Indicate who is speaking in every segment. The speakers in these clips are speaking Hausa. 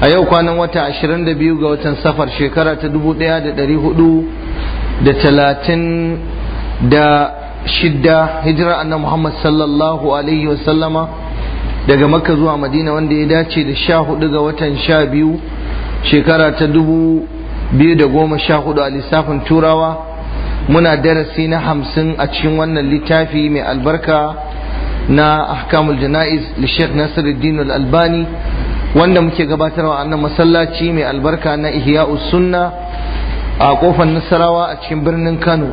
Speaker 1: a yau kwanan wata 22 ga watan safar shekara ta 1436 hijira nan Muhammad sallallahu alaihi wasallama daga makka zuwa madina wanda ya dace da 14 ga watan 12 shekara ta 2014 a lissafin turawa muna darasi na hamsin a cikin wannan littafi mai albarka na ahkamul jana'iz li Sheikh Nasiruddin Al-Albani wanda muke gabatarwa a nan masallaci mai albarka na Ihya sunna a kofar nasarawa a cikin birnin kano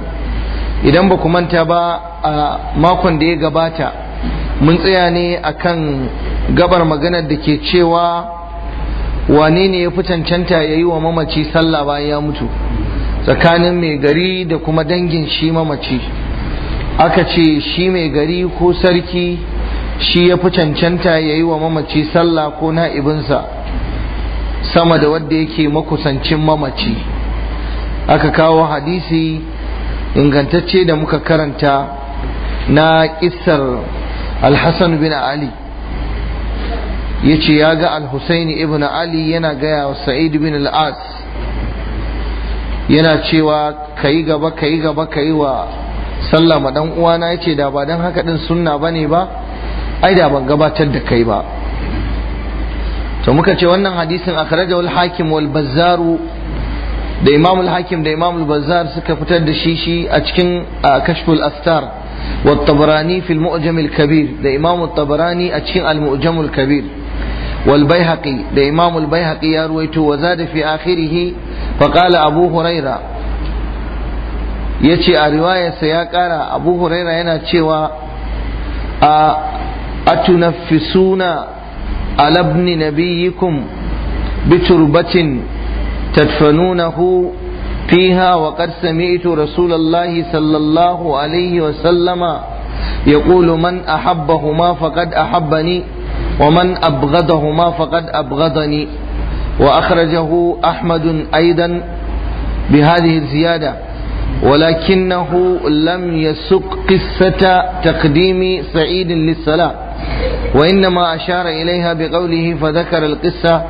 Speaker 1: idan ba ku manta ba a makon da ya gabata mun tsaya ne a kan gabar maganar da ke cewa wane ne ya fi cancanta ya yi wa mamaci sallah bayan ya mutu tsakanin mai gari da kuma dangin shi mamaci aka ce shi mai gari ko sarki shi ya fi cancanta ya yi wa mamaci sallah ko na ibinsa. sama da wadda yake makusancin mamaci aka kawo hadisi ingantacce da muka karanta na ƙisar alhassan bin ali ya ce ya ga alhussaini ibn ali yana gaya wa sa'id bin al'as yana cewa ka yi gaba ka yi gaba ka yi wa sallama dan uwana ya ce da ba don haka din sunna ne ba aida da ban gabatar da kai ba to muka ce wannan hadisin akhrajahu al-hakim wal bazzar da imam al-hakim da imam al-bazzar suka fitar da shi shi a cikin kashful astar wa tabarani fi al-mu'jam al-kabir da imam at-tabarani a cikin al-mu'jam al-kabir والبيهقي ده إمام البيهقي يرويته وزاد abu huraira yace a riwayarsa ya kara abu huraira yana cewa a. أتنفسون على ابن نبيكم بتربة تدفنونه فيها وقد سمعت رسول الله صلى الله عليه وسلم يقول من أحبهما فقد أحبني ومن أبغضهما فقد أبغضني وأخرجه أحمد أيضا بهذه الزيادة ولكنه لم يسق قصة تقديم سعيد للسلام وإنما أشار إليها بقوله فذكر القصة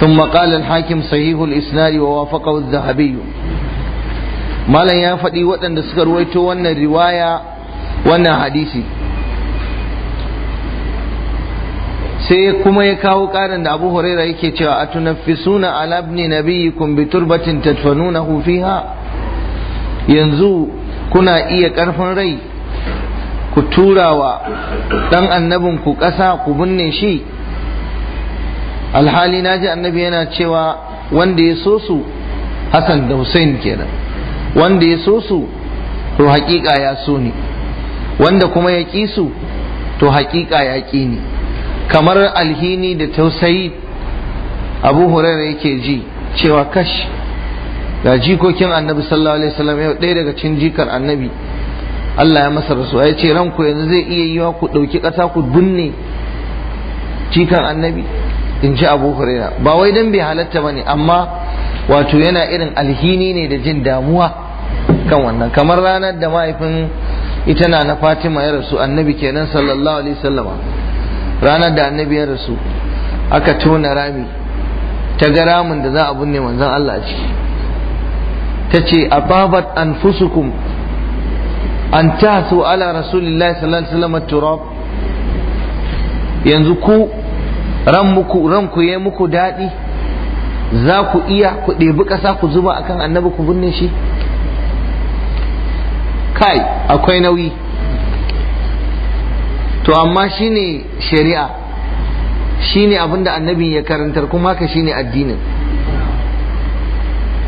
Speaker 1: ثم قال الحاكم صحيح الإسناد ووافقه الذهبي ما لن يفدي وطن دسكر ويتو وانا الرواية وانا حديثي sai kuma ya kawo karin da abu huraira yake cewa a tunaffisuna ala ibni nabiyikum bi turbatin tadfanunahu fiha yanzu kuna iya karfin rai ku tura wa dan annabin ku ƙasa ku binne shi alhali na ji annabi yana cewa wanda ya so su Hassan da Hussein kenan wanda ya so su to hakika ya so ni wanda kuma ya ƙi su to hakika ya ƙi ni kamar alhini da tausayi abu huraira yake ji cewa kash ga jikokin annabi sallallahu alaihi wasallam yau ɗaya daga cikin jikar annabi Allah ya masa rasuwa ya ce ranku yanzu zai iya yi wa ku ɗauki ƙasa ku binne cikan annabi in ji abu ba wai dan bai halatta ba ne amma wato yana irin alhini ne da jin damuwa kan wannan kamar ranar da mahaifin ita na na fatima ya rasu annabi kenan sallallahu alaihi sallama ranar da annabi ya rasu aka tona rami ta ga ramin da za a binne manzon Allah a ciki ta ce ababat anfusukum an tasu ala rasulillah sallallahu alaihi wasallam turab yanzu ku ran muku ran ku yayi muku daɗi. za ku iya ku ɗebi ƙasa ku zuba akan annabi ku binne shi kai akwai nauyi to amma shine shari'a shine abinda annabi ya karantar kuma haka shine addinin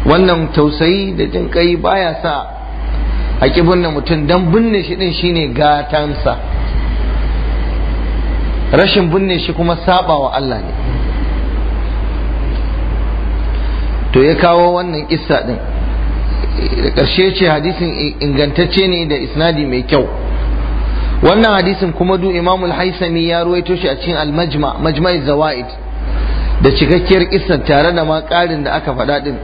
Speaker 1: wannan tausayi da jin baya sa a ƙi binne mutum don binne shi ɗin shine gatansa rashin binne shi kuma saba wa Allah ne to ya kawo wannan kissa ɗin da ƙarshe ce hadisin ingantacce ne da isnadi mai kyau wannan hadisin kuma du imamul haisami ya ruwaito shi a cikin almajma majma'i zawaid
Speaker 2: da cikakkiyar
Speaker 1: kissa tare da ma ƙarin da aka faɗa ɗin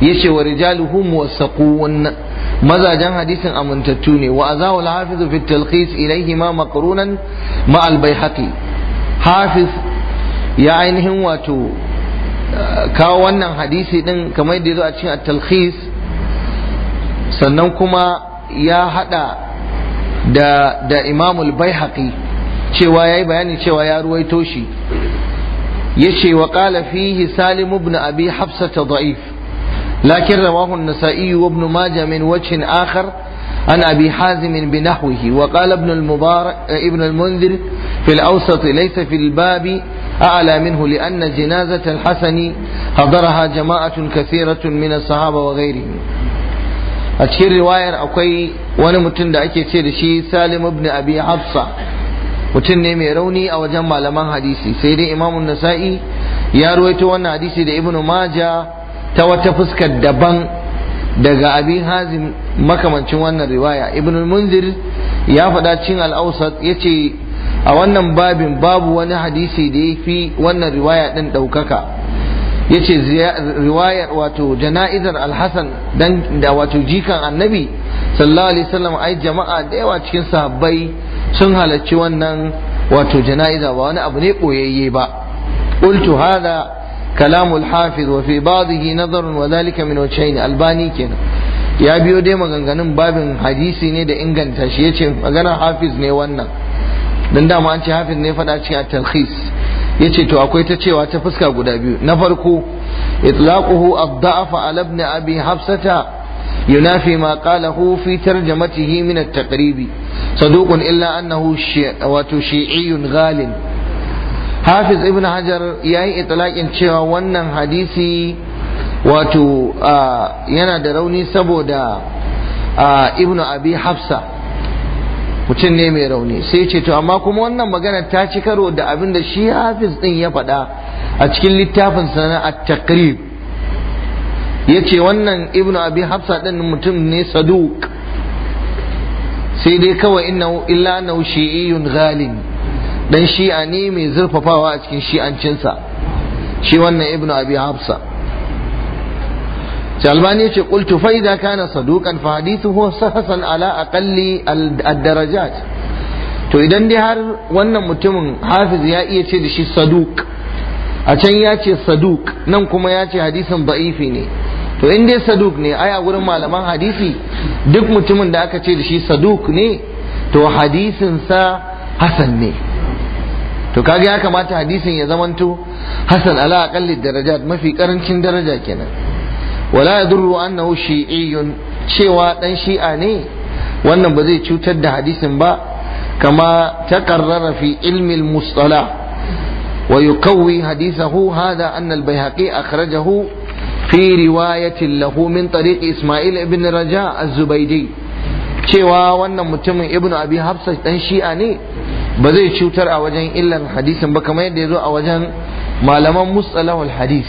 Speaker 1: yace wa rijaluhum wasaqun mazajen hadisin amintattu ne wa azawul hafizu fi talqis ilayhi ma maqrunan ma al baihaqi hafiz ya ainihin wato eh, kawo wannan hadisi din kamar da yazo a cikin at sannan kuma ya hada da da Imam al-Baihaqi cewa yayi bayani cewa ya ruwaito shi yace wa qala fihi Salim ibn Abi Hafsa da'if لكن رواه النسائي وابن ماجه من وجه آخر عن أبي حازم بنحوه وقال ابن المبارك ابن المنذر في الأوسط ليس في الباب أعلى منه لأن جنازة الحسن حضرها جماعة كثيرة من الصحابة وغيرهم أتشير رواية أكوي وانا متن دا أكي تشير شي سالم بن أبي حفصة متن نمي روني أو جمع لمن حديثي سيدي إمام النسائي يا رويت وانا حديثي دا ابن ماجه ta wata fuskar daban daga abi hazim makamancin wannan riwaya ibn munzir ya faɗa cin al'ausat ya ce a wannan babin babu wani hadisi da ya fi wannan riwaya ɗin ɗaukaka ya ce riwayar wato jana'izar alhassan dan da wato jikan annabi sallallahu alaihi wasallam ai jama'a da yawa cikin sahabbai sun halarci wannan wato jana'iza ba wani abu ne ɓoyayye ba qultu hada كلام الحافظ وفي بعضه نظر وذلك من وجهين الباني كنا ya biyo dai maganganun babin hadisi ne da inganta shi yace maganar hafiz ne wannan dan dama an ce hafiz ne fada cikin talkhis yace to akwai ta cewa ta fuska guda biyu na farko itlaquhu ad-da'fa ala ibn abi hafsata yunafi ma qalahu fi tarjamatihi min at-taqrib saduqun illa annahu wato shi'iyyun galin. hafiz ibn hajar ya yi itilakin cewa wannan hadisi wato yana da rauni saboda ibn abi hafsa mutum ne mai rauni sai ce to amma kuma wannan magana ta ci karo da abin da shi hafiz din ya faɗa a cikin littafin sana at taqrib ya ce wannan ibn abi hafsa din mutum ne saduk sai dai kawai inna illa naushiyun ghalin dan shi'a ne mai zurfafawa a cikin shi'ancinsa shi wannan ibnu abi hafsa Albani ya qultu fa idza kana saduqan fa hadithuhu sahasan ala aqalli ad-darajat to idan dai har wannan mutumin hafiz ya iya ce da shi saduq a can ya ce saduq nan kuma ya ce hadisin ba'ifi ne to in dai saduq ne ai a gurin malaman hadisi duk mutumin da aka ce da shi saduq ne to hadisinsa sa hasan ne to kaga ya kamata hadisin ya zamanto hasan ala aqalli darajat mafi karancin daraja kenan wala yadurru annahu shi'iyyun cewa dan shi'a ne wannan ba zai cutar da hadisin ba kama taqarrara fi ilmi al-mustalah wa yuqawwi hadithahu hadha anna al-bayhaqi akhrajahu fi riwayatin lahu min tariqi isma'il ibn raja az-zubaydi cewa wannan mutumin ibnu abi hafsa dan shi'a ne ba zai cutar a wajen illan hadisin ba kamar yadda ya zo a wajen malaman mustalahul hadis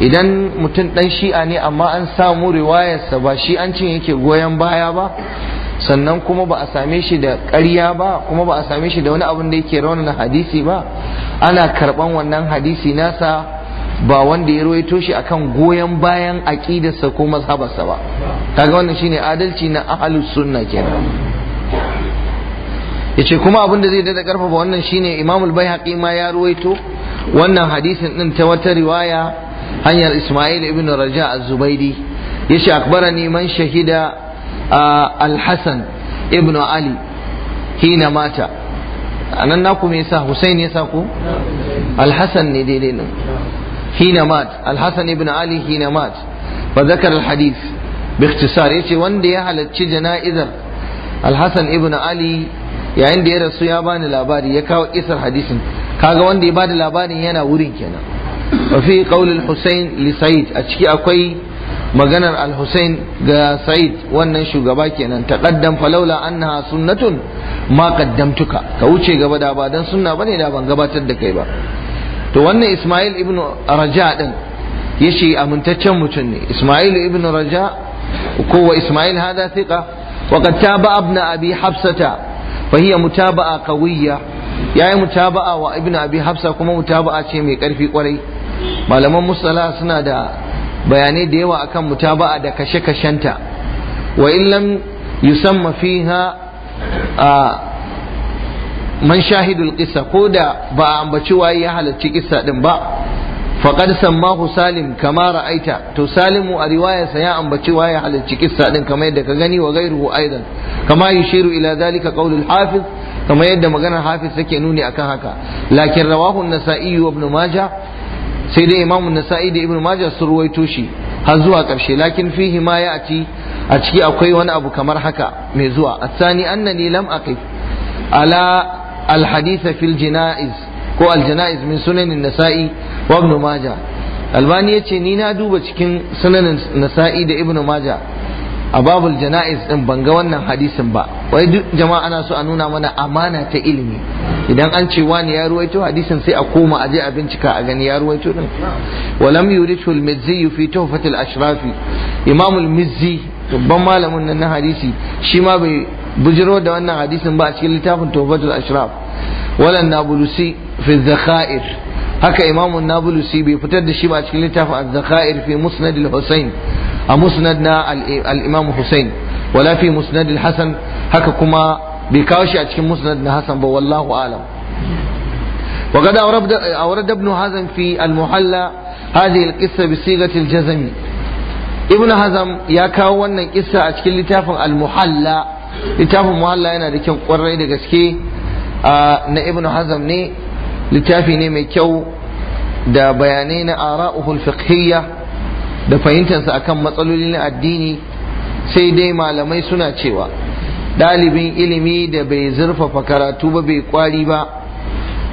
Speaker 1: idan mutum dan shi'a ne amma an samu riwayarsa ba shi an cin yake goyon baya ba sannan kuma ba a same shi da karya ba kuma ba a same shi da wani abin da yake raunana hadisi ba ana karɓan wannan hadisi nasa ba wanda ya rawaito shi akan goyon bayan aƙidarsa ko mazhabarsa ba kaga wannan shine adalci na ahlus sunna kenan
Speaker 2: yace kuma abin
Speaker 1: da zai dada karfafa wannan shine Imam al-Baihaqi ma ya ruwaito wannan hadisin din ta wata riwaya hanyar Ismail ibn Raja az-Zubaidi yace akbarani man shahida al-Hasan ibn Ali hina mata anan naku me yasa Hussein yasa ku al-Hasan ne daidai nan hina mat al-Hasan ibn Ali hina mat fa dhakara al-hadith باختصار yace wanda ya halarci jana'izar al ibn Ali yayin da ya rasu ya bani labari ya kawo isar hadisin kaga wanda ya bada labarin yana wurin kenan wa fi qaulil husayn li sa'id a ciki akwai maganar al-husayn ga sa'id wannan shugaba kenan taqaddam laula annaha sunnatun ma qaddamtuka ka wuce gaba da ba dan sunna bane da ban gabatar da kai ba to wannan isma'il ibnu raja din yashi amintaccen mutum ne isma'il ibnu raja ko wa isma'il hada thiqa وقد تابع ابن Abi habsata. fa hiya mutaba'a qawiyya yayi mutaba'a wa ibn abi hafsa kuma mutaba'a ce mai karfi kwarai malaman musala suna da bayanai da yawa akan mutaba'a da kashe-kashenta wa in lam yusamma fiha a man shahidul qissa ko da ba a ambaci waye ya halarci kissa din ba faqad sammahu salim kama ra'aita to salimu a riwayarsa ya ambaci wa ya halarci kissa din kamar yadda ka gani wa gairu aidan kama shiru ila zalika qawlul hafiz kamar yadda maganar hafiz take nuni akan haka lakin rawahu an-nasa'i wa ibn majah sai dai imamu nasa'i da ibn maja sun ruwaito shi har zuwa ƙarshe lakin fihi ma ya ci a ciki akwai wani abu kamar haka mai zuwa asani annani lam aqif ala alhadisa fil jana'iz ko aljana'iz min sunanin nasa'i wa ibn maja albani ya ce ni na duba cikin sunanin nasa'i da ibn maja a babul jana'iz din ban ga wannan hadisin ba wai duk jama'a ana so a nuna mana amana ta ilimi idan an ce wani ya ruwaito hadisin sai a koma a je a bincika a gani ya ruwaito din walam yurithu al-mizzi fi tuhfat al-ashrafi imam al-mizzi babban malamin nan na hadisi shi ma bai bujiro da wannan hadisin ba a cikin littafin tuhfat al-ashraf wala nabulusi fi zakhair haka imamun nabulusi bai fitar da shi ba cikin littafin az-zakhair fi musnad al-husayn a musnad na al-imam husayn wala fi musnad al-hasan haka kuma bai kawo shi a cikin musnad na hasan ba wallahu alam وقد أورد, أورد ابن هزم في المحلى هذه القصة بصيغة الجزم ابن هزم يا كاونا قصة أشكال لتافن المحلى littafin muhalla yana da kyan kwarai da gaske na ibnu-hazam ne littafi ne mai kyau da bayanai na ara'uhul fiqhiyya da fahimtarsa akan na addini sai dai malamai suna cewa ɗalibin ilimi da bai zurfafa karatu ba bai kwari ba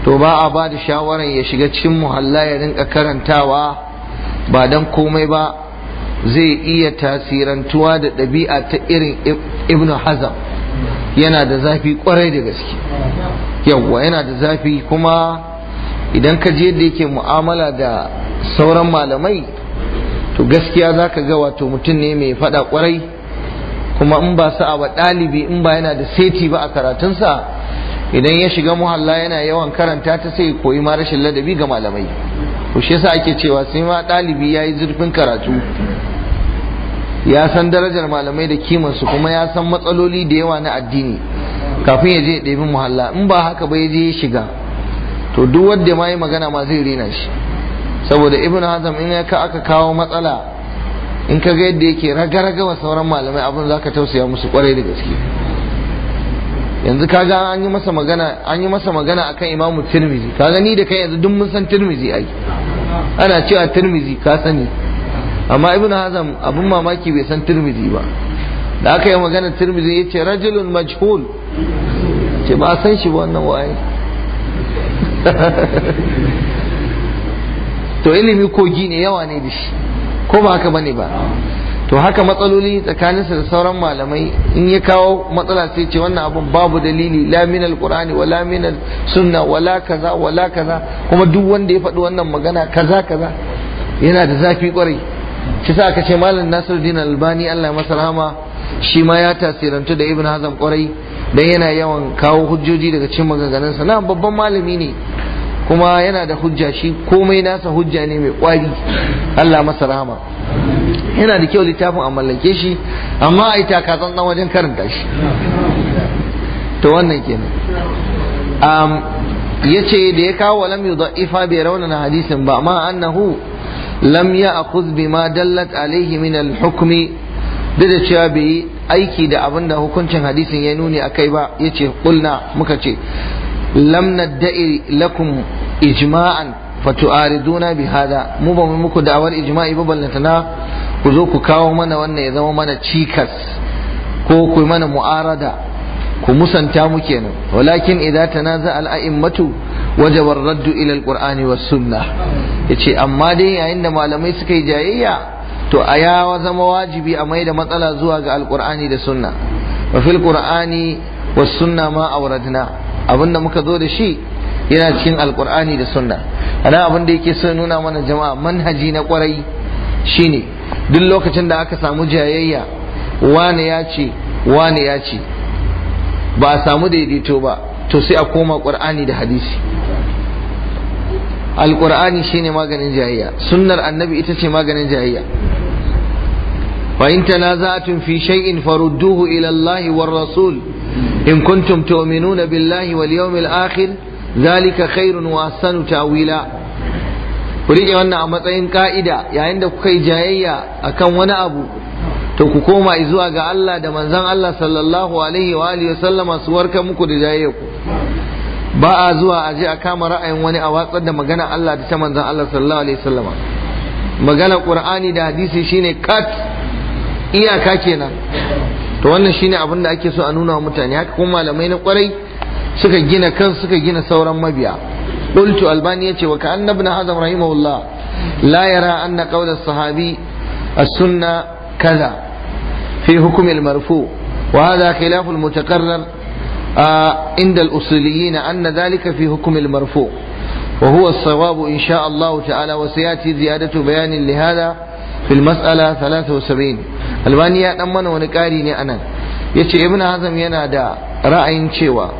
Speaker 1: to ba a ba da shawarar ya shiga cikin muhalla ya rinka karantawa ba don komai ba zai iya tasirantuwa da ɗabi'a ta irin ibn hazam yana da zafi kwarai da gaske yawwa yana da zafi kuma idan ka je yadda yake mu'amala da sauran malamai to gaskiya za ka ga wato mutum ne mai faɗa kwarai kuma in ba sa'a ba ɗalibi in ba yana da seti ba a karatunsa idan ya shiga muhalla yana yawan karanta ta sai koyi ma rashin ladabi ga malamai to shi yasa ake cewa sai ma ɗalibi ya yi zurfin karatu ya san darajar malamai da kimansu kuma ya san matsaloli da yawa na addini kafin ya je ɗabi muhalla in ba haka ba ya je ya shiga to duk wanda ma yi magana ma zai rina shi saboda ibn hazam in ya aka kawo matsala in ka ga yadda yake raga-raga wa sauran malamai abin za ka tausaya musu kwarai da gaske yanzu kaga an yi masa magana an yi masa akan imamu tirmizi kaga ni da kai yanzu duk mun san tirmizi ai ana cewa tirmizi ka sani amma ibn hazam abun mamaki bai san tirmizi ba da aka yi magana tirmizi ya ce rajulun majhul ce ba san shi wannan waye to ilimi kogi ne yawa ne da shi ko ba haka bane ba to haka matsaloli tsakaninsa da sauran malamai in ya kawo matsala sai ce wannan abun babu dalili la min alqur'ani wala min sunna wala kaza wala kaza kuma duk wanda ya faɗi wannan magana kaza kaza yana da zafi kwarai shi sa aka ce malam din albani allah masa rahama shi ma ya tasirantu da ibn hazam kwarai dan yana yawan kawo hujjoji daga cikin maganganunsa na babban malami ne kuma yana da hujja shi komai nasa hujja ne mai kwari allah masa rahama yana da kyau littafin a mallake shi amma a yi takatsan dan wajen karanta shi to wannan kenan ya ce da ya kawo walam ifa bai raunana hadisin ba ma annahu lam ya akhudh ma dallat alaihi min al-hukmi duk da cewa bai yi aiki da abin da hukuncin hadisin ya nuni a kai ba ya ce kulna muka ce lam nadda'i lakum ijma'an fatu'ariduna bi hada mu ba mu muku da'awar ijma'i ba ballantana ku zo ku kawo mana wannan ya zama mana cikas ko ku mana mu'arada ku musanta mu kenan walakin idza tanaza al-a'immatu wajabar raddu ilal qur'ani was sunna yace amma dai yayin da malamai suka yi jayayya to a ya zama wajibi a mai da matsala zuwa ga alqur'ani da sunna wa fil qur'ani was sunna ma awradna abinda muka zo da shi yana cikin alqur'ani da sunna ana abin da yake so nuna mana jama'a manhaji na kwarai shine duk lokacin da aka samu jayayya Wani ya ce wani ya ce ba a samu daidaito ba to sai a koma qur'ani da hadisi shi shine maganin jayayya sunnar annabi ita ce maganin jayayya fa in tanaza'tum fi shay'in farudduhu ila Allah war rasul in kuntum tu'minuna billahi wal yawmil akhir zalika khairun wa ahsanu ta'wila ku rike wannan a matsayin ka'ida yayin da kuka yi jayayya akan wani abu to ku koma zuwa ga Allah da manzon Allah sallallahu alaihi wa alihi wa sallama su warka muku da jayayya ku ba a zuwa a je a kama ra'ayin wani a watsar da magana Allah da ta manzon Allah sallallahu alaihi wasallama magana Qur'ani da hadisi shine kat iyaka kenan to wannan shine abin da ake so a nuna wa mutane haka kuma malamai na kwarai suka gina kan suka gina sauran mabiya qultu albani yace wa ka'anna ibn hazm rahimahullah la yara anna qawl as-sahabi as-sunna kaza fi hukm al-marfu wa hadha khilaf عند الأصوليين أن ذلك في حكم المرفوع وهو الصواب إن شاء الله تعالى وسيأتي زيادة بيان لهذا في المسألة 73 albani ya dan mana wani kari ne anan yace ibn hazm yana da ra'ayin cewa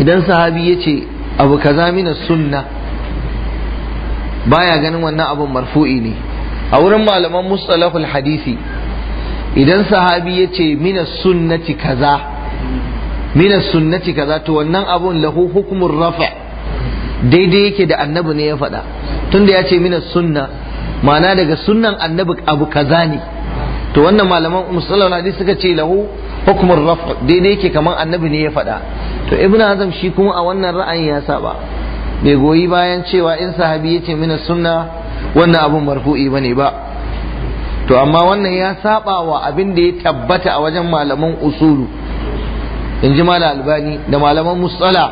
Speaker 1: idan sahabi abu kaza mina baya ganin wannan abun marfu'i ne a wurin malaman mustalahul hadisi idan sahabi yace mina sunnati kaza Mina sunnati kaza to wannan abun lahu hukumur rafa daidai yake da annabi ne ya faɗa tunda ya ce min sunna ma'ana daga sunnan annabi abu kaza ne to wannan malaman musallal hadisi suka ce lahu hukumar rafa daidai yake kaman annabi ne ya faɗa to ibnu azam shi kuma a wannan ra'ayin ya saba bai goyi bayan cewa in sahabi yace ce sunna wannan abun marfu'i bane ba to amma wannan ya saba wa abin da ya tabbata a wajen malaman usulu in ji mala albani da malaman musala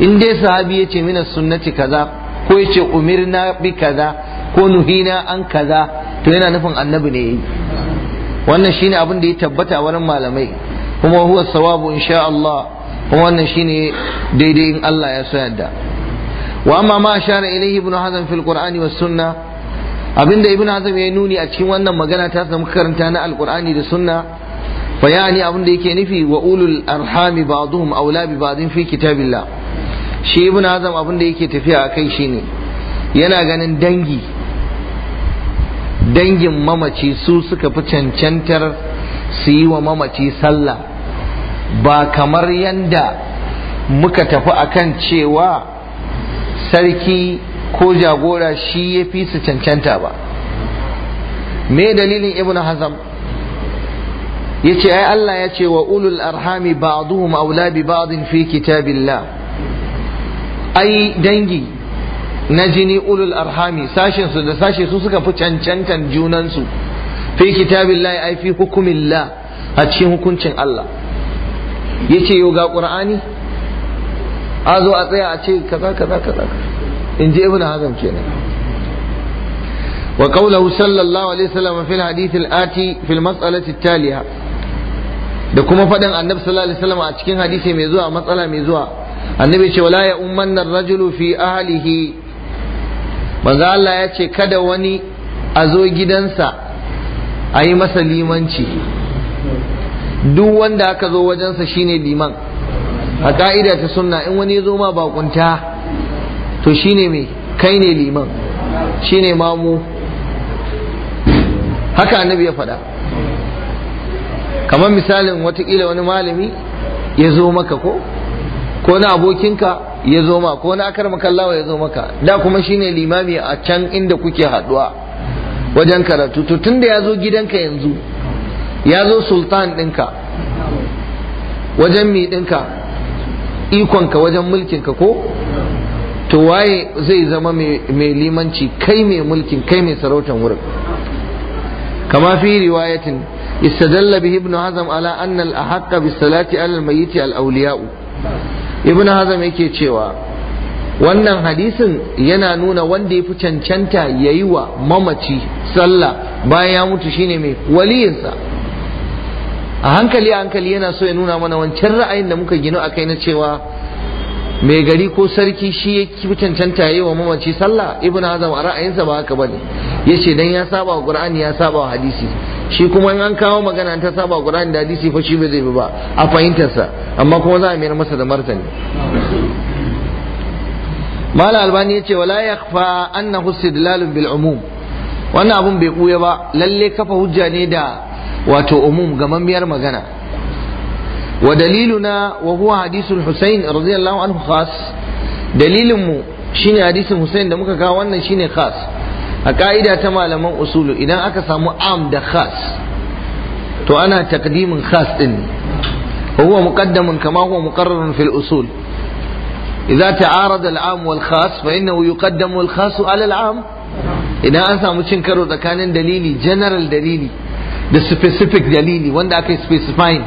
Speaker 1: in dai sahabi ya ce mina sunnati kaza ko ya ce umirna bi kaza ko nuhina an kaza to yana nufin annabi ne yayi wannan shine abin da ya tabbata wurin malamai kuma huwa sawabu insha Allah kuma wannan shine daidai in Allah ya so yadda wa amma ma ashara ilayhi ibn hazm fil qur'ani was sunna abinda ibn hazm ya nuni a cikin wannan magana ta samu karanta na alqur'ani da sunna fa yani abin da yake nufi wa ulul arhami ba'dhum aula bi ba'dhin fi kitabillah shi ibn azam abin da yake tafiya akai shine yana ganin dangi dangin mamaci su suka fi cancantar su yi wa mamaci sallah ba kamar yanda muka tafi akan cewa sarki ko jagora shi ya fi su cancanta ba me dalilin ibn hazam yace ai Allah ya ce wa ulul arhami ba'duhum aula bi ba'din fi kitabillah ai dangi na jini ulul arhami sashin su da sashe su suka fi cancantan junan su fi kitabillah ai fi hukumillah a cikin hukuncin Allah yace yau ga qur'ani a zo a tsaya a ce kaza kaza kaza in ji ibnu hazm kenan وقوله صلى الله عليه وسلم في الحديث الآتي في المسألة التالية da kuma faɗin annabi sallallahu alaihi a cikin hadisi mai zuwa matsala mai zuwa annabi ce wala ya umman rajulu fi ahlihi manzo Allah ya ce kada wani a zo gidansa a yi masa limanci duk wanda aka zo wajensa shine liman a ka'ida ta sunna in wani ya zo ma bakunta to shine me kai ne liman shine mamu haka annabi ya faɗa kamar misalin watakila wani malami ya zo maka ko ko na abokinka ya zo ma ko na akar makallawa ya zo maka da kuma shine limami a can inda kuke haduwa wajen karatu to tunda ya zo gidanka yanzu ya zo sultan ɗinka wajen mi ɗinka ikonka wajen mulkinka ko to waye zai zama mai limanci kai mai mulkin kai mai sarautan wurin كما في رواية استدل به ابن حزم على أن الأحق بالصلاة على الميت الأولياء ابن حزم yake cewa wannan hadisin yana nuna wanda ya fi cancanta ya yi wa mamaci sallah bayan ya mutu shine mai waliyinsa a hankali a hankali yana so ya nuna mana wancan ra'ayin da muka gino a kai na cewa mai gari ko sarki shi ya cancanta yi wa mamaci sallah ibn hazam a ra'ayinsa ba haka bane ce dan ya saba wa qur'ani ya saba wa hadisi shi kuma in an kawo magana ta saba wa qur'ani da hadisi fa shi ba zai bi ba a fahimtarsa amma kuma za a mayar masa da martani mala albani ce wala yakhfa annahu istidlalun bil umum wannan abun bai kuya ba lalle kafa hujja ne da wato umum gamammiyar magana ودليلنا وهو حديث الحسين رضي الله عنه خاص دليل مو شيني حديث الحسين da muka kawo wannan shine khas a ka'ida ta malaman usulu idan aka samu am da khas to ana takdimin khas din huwa muqaddamun kama huwa fil usul idza ta'arada al-am wal khas fa innahu yuqaddamu al am idan an samu cin karo tsakanin dalili general dalili da specific dalili wanda aka yi specifying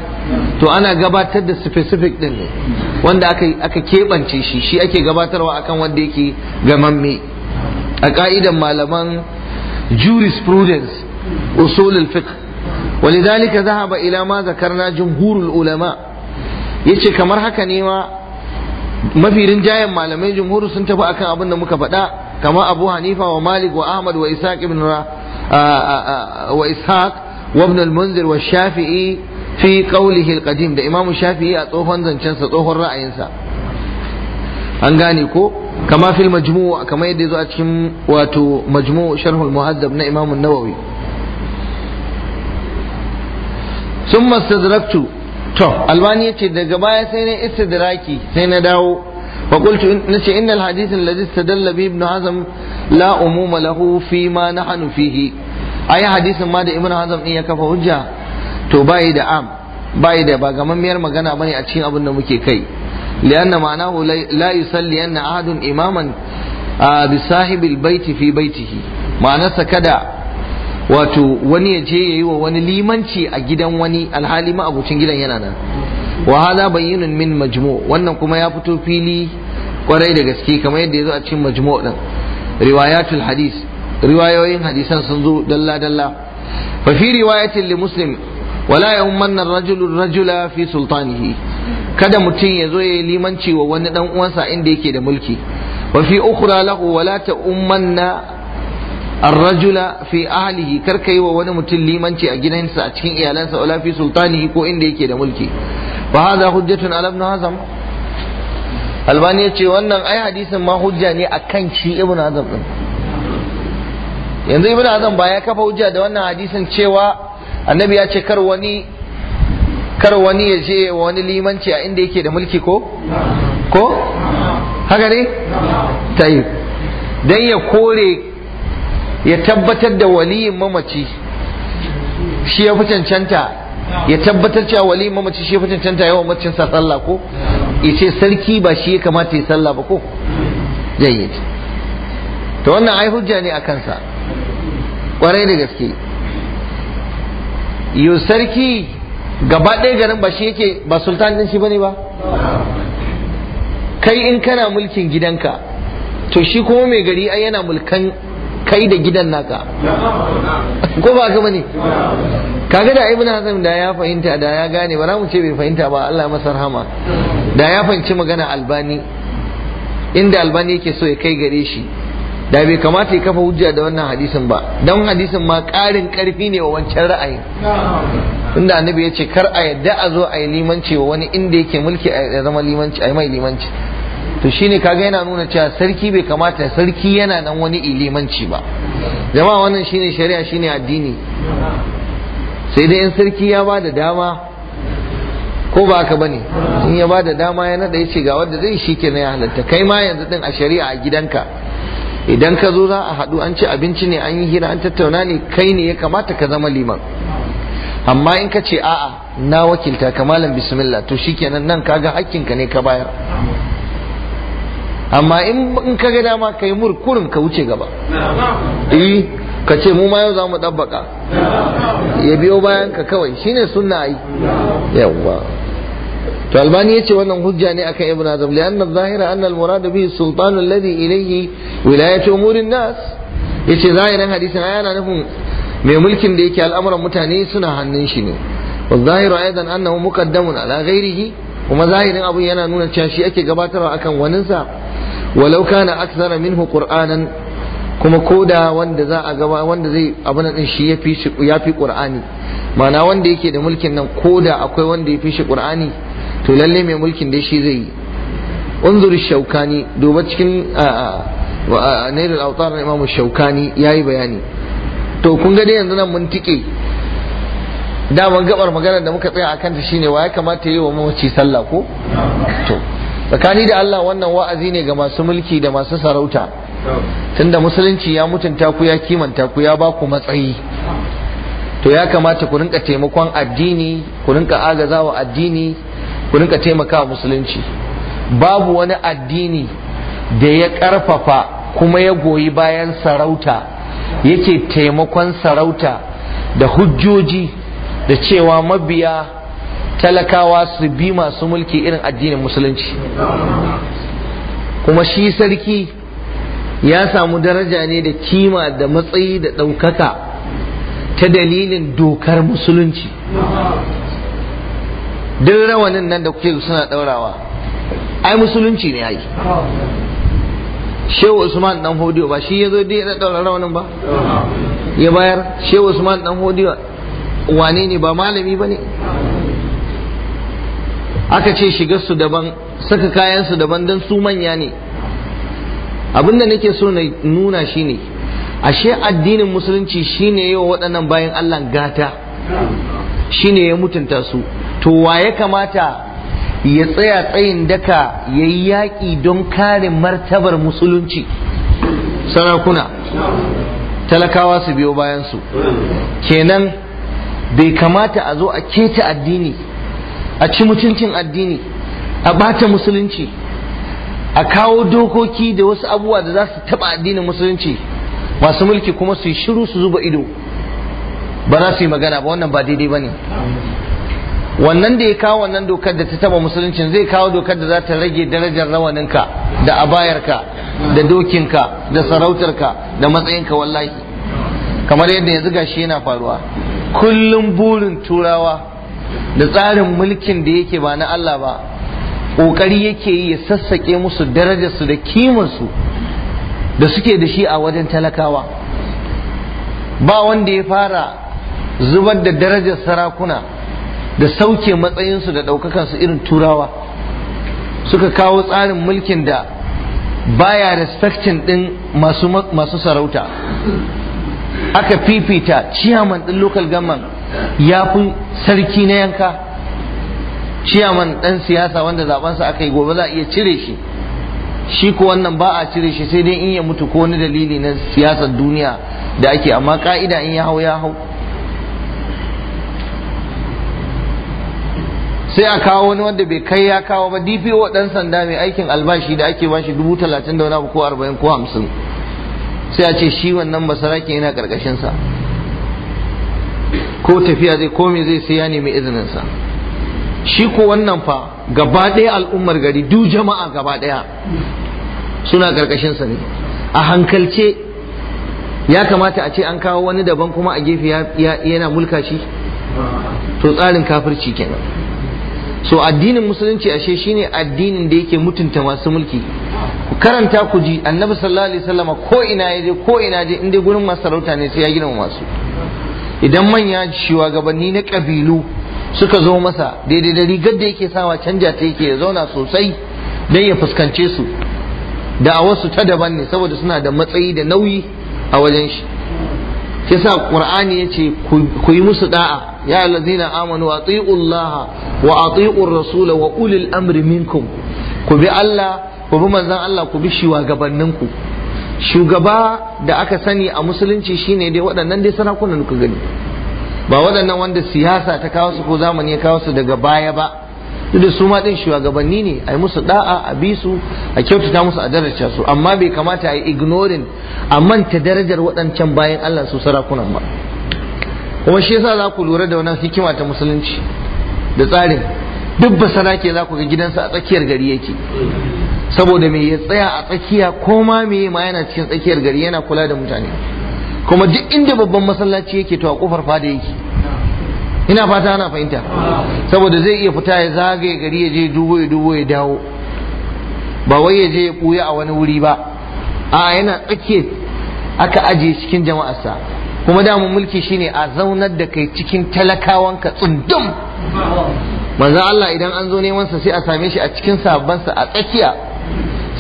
Speaker 1: to ana gabatar da specific din ne wanda aka keɓance shi shi ake gabatarwa akan wanda yake gamamme a ka'idan malaman jurisprudence usul al-fiqh ولذلك ذهب إلى ما ذكرنا جمهور العلماء yace kamar haka ne ma mafi rinjayen malamai jumhuru sun tafi akan abin da muka faɗa kamar Abu Hanifa wa Malik wa Ahmad wa Ishaq ibn wa Ishaq وابن المنذر والشافعي في قوله القديم ده امام الشافعي a tsohon zancensa sa tsohon ra'ayin an gane ko kama fil majmu kama yadda yazo a cikin wato majmu Sharhul al muhaddab na imam an-nawawi thumma istadraktu to alwani yace daga baya sai na istidraki sai na dawo fa qultu nace innal hadith alladhi istadalla bi ibn hazm la umuma lahu fi ma nahnu fihi ai hadisin ma da ibnu hazm din ya kafa hujja to bai da am bai da ba gamammiyar magana bane a cikin abin da muke kai lianna ma'anahu la yusalli anna ahadun imaman bi sahibil baiti fi baitihi ma'anarsa kada wato wani ya je yayi wa wani limanci a gidan wani alhali ma abucin gidan yana nan wa hada bayyinun min majmu' wannan kuma ya fito fili kwarai da gaske kamar yadda ya zo a cikin majmu' din riwayatul hadis riwayoyin hadisan sun zo dalla dalla fa fi riwayatin li muslim wala yahummanna ar-rajulu ar-rajula fi sultanihi kada mutum ya zo ya limanci wa wani dan uwansa inda yake da mulki
Speaker 2: wa fi ukhra
Speaker 1: lahu wala ta'ummanna ar-rajula fi ahlihi karka yi wa wani mutum limanci a gidansa a cikin iyalansa wala fi sultanihi ko inda yake da mulki fa hadha hujjatun ala ibn hazm albani ya ce wannan ai hadisin ma hujja ne akan shi ibn hazm din yanzu ibn azam ba ya kafa hujja da wannan hadisin cewa annabi ya ce kar wani kar wani ya je wani limanci a inda yake da mulki ko ko haka ne tayi dan ya kore ya tabbatar da waliyin mamaci shi ya fi cancanta ya tabbatar cewa waliyin mamaci shi ya fi cancanta yawan macin sa sallah ko ya ce sarki ba shi ya kamata ya sallah ba ko jayyid to wannan ai hujja ne a kansa kwarai da gaske yau sarki gaba ɗaya garin ba shi yake ba sultan ɗin shi ne ba kai in kana mulkin gidanka to shi kuma mai gari ai yana mulkan kai da gidan naka ko ba ka bane kaga da ibnu hasan da ya fahimta da ya gane ba mu ce bai fahimta ba Allah masa rahama da ya fahimci magana albani inda albani yake so ya kai gare shi da bai kamata ya kafa hujja da wannan hadisin ba don hadisin ma karin karfi ne wa wancan ra'ayin inda annabi ya ce kar a yadda a zo a yi limanci wa wani inda yake mulki a zama limanci a yi mai limanci to shine kaga yana nuna cewa sarki bai kamata sarki yana nan wani ilimanci ba jama'a wannan shine shari'a shine addini sai dai in sarki ya ba da dama ko ba haka bane in ya ba da dama ya nada ya ce ga wanda zai shi na ya halatta kai ma yanzu din a shari'a a gidanka idan ka zo za a haɗu an ci abinci ne an yi hira an tattauna ne kai ne ya kamata ka zama liman amma in ka ce a'a na wakilta ka malam bismillah to shikenan nan kaga hakkinka ne ka bayar amma in ka ga dama ka yi murkurin ka wuce gaba eh ka ce mu ma yau za mu ɗabbaka ya biyo bayan ka kawai shine sunna yi yawwa to albani yace wannan hujja ne akan ibn azam li anna zahira anna al murad bihi sultan alladhi ilayhi wilayatu umurin nas yace zahirin hadisin ayana nufin mai mulkin da yake al'amuran mutane suna hannun shi ne والظاهر ايضا انه مقدم على غيره kuma zahirin abun yana nuna cewa shi ake gabatarwa akan waninsa walau kana aksara minhu qur'anan kuma koda wanda za a gaba wanda zai abun din shi yafi shi yafi qur'ani ma'ana wanda yake da mulkin nan koda akwai wanda fi shi qur'ani to lalle mai mulkin dai shi zai yi Unzuri shaukani duba cikin nailul autar na imamu shaukani ya yi bayani to kun ga dai yanzu nan mun tike daman gabar maganar da muka tsaya a kanta shine wa ya kamata yi wa mamaci sallah ko to tsakani da Allah wannan wa'azi ne ga masu mulki da masu sarauta tunda musulunci ya mutunta ku ya kimanta ku ya ba ku matsayi to ya kamata ku rinka taimakon addini ku rinka agazawa addini ku rinka taimakawa musulunci babu wani addini da ya ƙarfafa kuma ya goyi bayan sarauta yake taimakon sarauta da hujjoji da cewa mabiya talakawa su bi masu mulki irin addinin musulunci kuma shi sarki ya samu daraja ne da kima da matsayi da ɗaukaka ta dalilin dokar musulunci duk rawanin nan da kuke suna daurawa ai musulunci ne ai shehu usman dan hodiyo ba shi yazo dai ya daura rawanin ba ya bayar shehu usman dan hodiyo wane ne ba malami ba ne aka ce shiga su daban saka kayan su daban don su manya ne abin da nake so na nuna shi ne ashe addinin musulunci shine yawa waɗannan bayan allah gata shine ya mutunta su to wa ya kamata ya tsaya tsayin daka ya yi yaƙi don kare martabar musulunci sarakuna talakawa su biyo bayansu kenan bai kamata a zo a keta addini
Speaker 2: a ci mutuncin addini a ɓata musulunci a kawo
Speaker 1: dokoki da wasu abubuwa da za su taɓa addinin musulunci masu mulki kuma su yi shiru su zuba ido ba za su yi magana ba wannan ba daidai ba ne wannan da ya kawo wannan dokar da ta taba musuluncin zai kawo dokar da za ta rage darajar rawaninka da abayarka da dokinka da sarautarka da matsayinka wallahi kamar yadda yanzu gashi yana faruwa kullum burin turawa da tsarin mulkin da yake ba na Allah ba ƙoƙari yake yi ya sassaƙe musu darajarsu da kimarsu da suke da shi a wajen talakawa ba wanda ya fara zubar da darajar sarakuna da sauke matsayinsu da su irin turawa suka kawo tsarin mulkin da baya da respectin ɗin masu sarauta aka fifita ciyaman ɗin local government ya fi sarki na yanka ciyaman ɗan siyasa wanda zabansa aka yi gobe za a iya cire shi shi ko wannan ba a cire shi sai dai in ya mutu ko wani dalili na siyasar duniya da ake amma ka'ida in ya hau ya hau sai a kawo wani wanda bai kai ya kawo ba dpo dan sanda mai aikin albashi da ake bashi dubu talatin da wani ko arba'in ko hamsin sai a ce shi wannan masarakin yana karkashin sa ko tafiya zai komi zai sai ya nemi sa shi ko wannan fa gaba ɗaya al'ummar gari du jama'a gaba ɗaya suna karkashin sa ne a hankalce ya kamata a ce an kawo wani daban kuma a gefe yana mulka shi to tsarin kafirci kenan so addinin musulunci ashe shine addinin da yake mutunta masu mulki ku karanta ku ji annabi sallallahu alaihi wasallam ko ina ya je ko ina je inda gurin masu sarauta ne sai ya gina masu idan manya shugabanni na kabilu suka zo masa daidai da rigar da yake sawa canja ta yake ya zauna sosai dan ya fuskance su da a wasu ta daban ne saboda suna da matsayi da nauyi a wajen shi yasa qur'ani yace ku yi musu da'a ya allazina amanu ati'u allaha wa ati'u rasul wa ulil amri minkum ku bi Allah ku bi manzon Allah ku bi shugabanninku shugaba da aka sani a musulunci shine dai waɗannan dai sarakunan kuka gani ba waɗannan wanda siyasa ta kawo su ko zamani ya kawo su daga baya ba da su ma din shugabanni ne a yi musu da'a a bi su a kyautata musu a daraja su amma bai kamata a yi ignoring a manta darajar waɗancan bayan Allah su sarakunan ba kuma shi yasa za ku lura da wannan hikima ta musulunci da tsarin duk ba sarake za ku ga gidansa a tsakiyar gari yake saboda me ya tsaya a tsakiya ko ma me ma yana cikin tsakiyar gari yana kula da mutane kuma duk inda babban masallaci yake to a kofar fada yake ina fata ana fahimta saboda zai iya fita ya zagaye gari ya je dubo ya dubo ya dawo ba wai ya je ya ɓuya a wani wuri ba a yana tsake aka ajiye cikin jama'arsa kuma damun mulki shine a zaunar da kai cikin talakawan talakawanka tsundum manzan Allah idan an zo neman sa sai a same shi a cikin sabon sa a tsakiya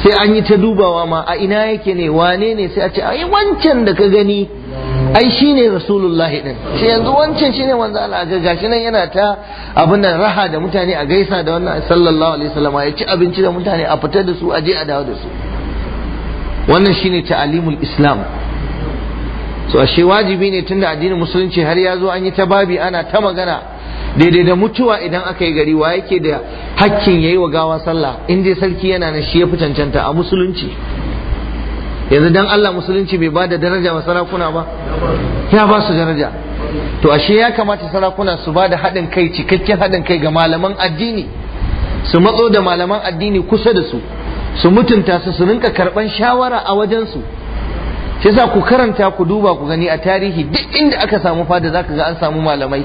Speaker 1: sai an yi ta dubawa ma a ina yake ne wane ne sai a ce ai wancan da ka gani ai shine rasulullahi din shi yanzu wancan shine wanzu Allah ga gashi nan yana ta abin nan raha da mutane a gaisa da wannan sallallahu alaihi wasallam ya ci abinci da mutane a fitar da su a je a dawo da su wannan shine ta'alimul islam so ashe wajibi ne tunda addinin musulunci har ya zo an yi ta babi ana ta magana daidai da mutuwa idan aka yi gari wa yake da hakkin yayi wa gawa sallah in dai sarki yana nan shi ya fi cancanta a musulunci yanzu dan Allah musulunci bai ba da daraja wa sarakuna ba ya ba su daraja to ashe ya kamata sarakuna su ba da haɗin kai cikakken haɗin kai ga malaman addini su matso da malaman addini kusa da su su mutunta su su rinka karɓan shawara a wajensu shi yasa ku karanta ku duba ku gani a tarihi duk inda aka samu fada zaka ga an samu malamai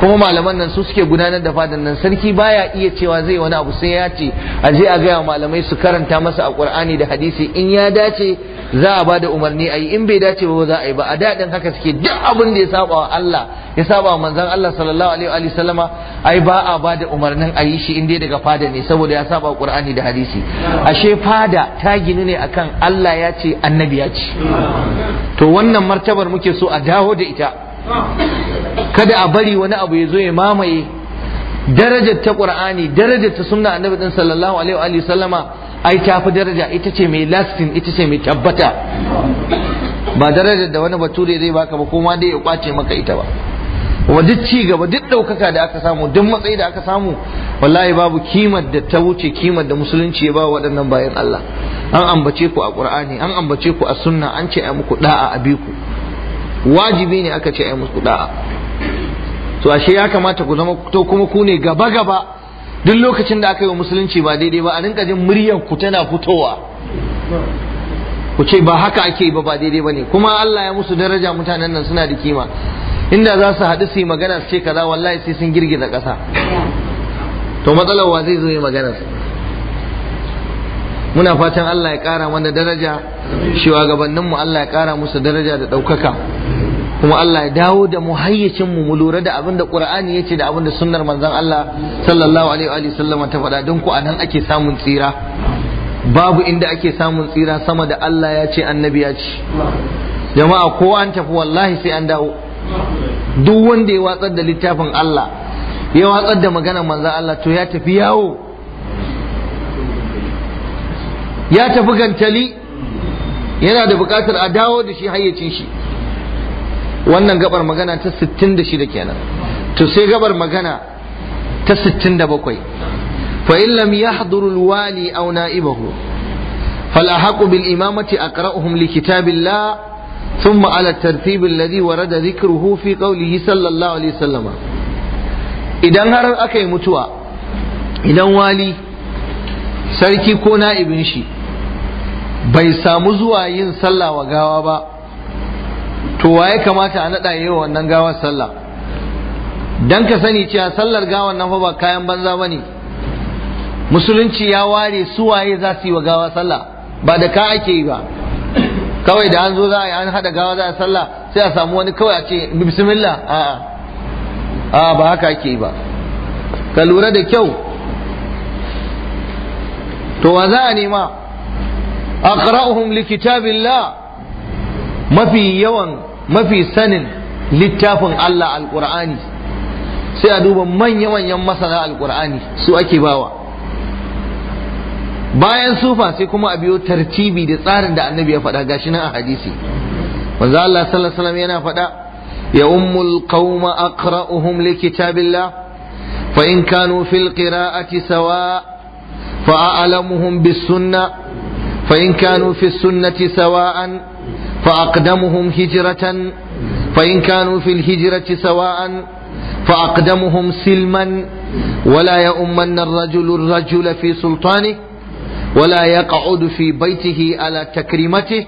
Speaker 1: kuma malaman nan su suke gudanar da fadar nan sarki baya iya cewa zai wani abu sai ya ce a je a gaya malamai su karanta masa a qur'ani da hadisi in ya dace za a bada umarni ayi in bai dace ba za a yi ba a dadin haka suke duk abin da ya saba wa Allah ya saba wa manzon Allah sallallahu alaihi wa sallama ai ba a bada umarnin ayi shi in dai daga fada ne saboda ya saba qur'ani da hadisi ashe fada ta gini ne akan Allah ya ce annabi ya ce to wannan martabar muke so a dawo da ita kada a bari wani abu ya zo ya mamaye darajar ta qur'ani darajar ta sunna annabi din sallallahu alaihi wa sallama ai ta fi daraja ita ce mai lasting ita ce mai tabbata ba darajar da wani bature zai baka ba kuma dai ya kwace maka ita ba kuma duk ci gaba duk daukaka da aka samu duk matsayi da aka samu wallahi babu kimar da ta wuce kimar da musulunci ya ba waɗannan bayan Allah an ambace ku a Qur'ani an ambace ku a sunna an ce a muku da'a a biku wajibi ne aka ce ai musu da'a to ashe ya kamata ku zama to kuma ku ne gaba gaba duk lokacin da aka yi musulunci ba daidai ba a rinka jin muryar ku tana fitowa ku ce ba haka ake ba ba daidai bane kuma Allah ya musu daraja mutanen nan suna da kima inda za su haɗu su yi magana su ce kaza wallahi sai sun girgiza ƙasa to matsalar wa zai zo yi magana su. muna fatan Allah ya ƙara mana daraja shugabanninmu Allah ya kara musu daraja da ɗaukaka kuma Allah ya dawo da mu mu mu lura da abin da Qur'ani ce da abin da sunnar manzon Allah sallallahu alaihi wa sallam ta faɗa don ku anan ake samun tsira babu inda ake samun tsira sama da Allah ya ce annabi ya ce jama'a ko an tafi wallahi sai an dawo duk wanda ya watsar da littafin Allah ya watsar da maganar manzon Allah to ya tafi yawo ya tafi gantali yana da buƙatar a dawo da shi hayyacin shi wannan gabar magana ta 66 kenan to sai gabar magana ta 67 fa in lam yahduru alwali aw na'ibahu فالأحق بالإمامة أقرأهم لكتاب الله ثم على الترتيب الذي ورد ذكره في قوله صلى الله عليه وسلم idan har aka yi mutuwa idan wali sarki ko na'ibin shi bai samu zuwa yin sallah wa gawa ba to waye kamata a naɗa yi wannan gawar sallah don ka sani cewa sallar gawar nan ba kayan banza ba ne musulunci ya ware su waye za su yi wa gawa sallah ba da ka ake yi ba kawai da an zo za a yi an haɗa gawa za a sallah sai a samu wani kawai a ce bismillah a'a a'a ba haka ake yi ba ka lura da kyau to wa za a nema aqra'uhum likitabillah mafi yawan mafi sanin littafin Allah Alƙur'ani. sai a duba manya manyan masana alqur'ani su ake bawa bayan sufa sai kuma a biyo tartibi da tsarin da annabi ya faɗa gashi nan a hadisi manzo Allah sallallahu yana faɗa ya ummul qauma aqra'uhum likitabillah fa in kanu fil qira'ati sawa fa a'lamuhum فإن كانوا في السنة سواء فأقدمهم هجرة فإن كانوا في الهجرة سواء فأقدمهم سلما ولا يؤمن الرجل الرجل في سلطانه ولا يقعد في بيته على تكريمته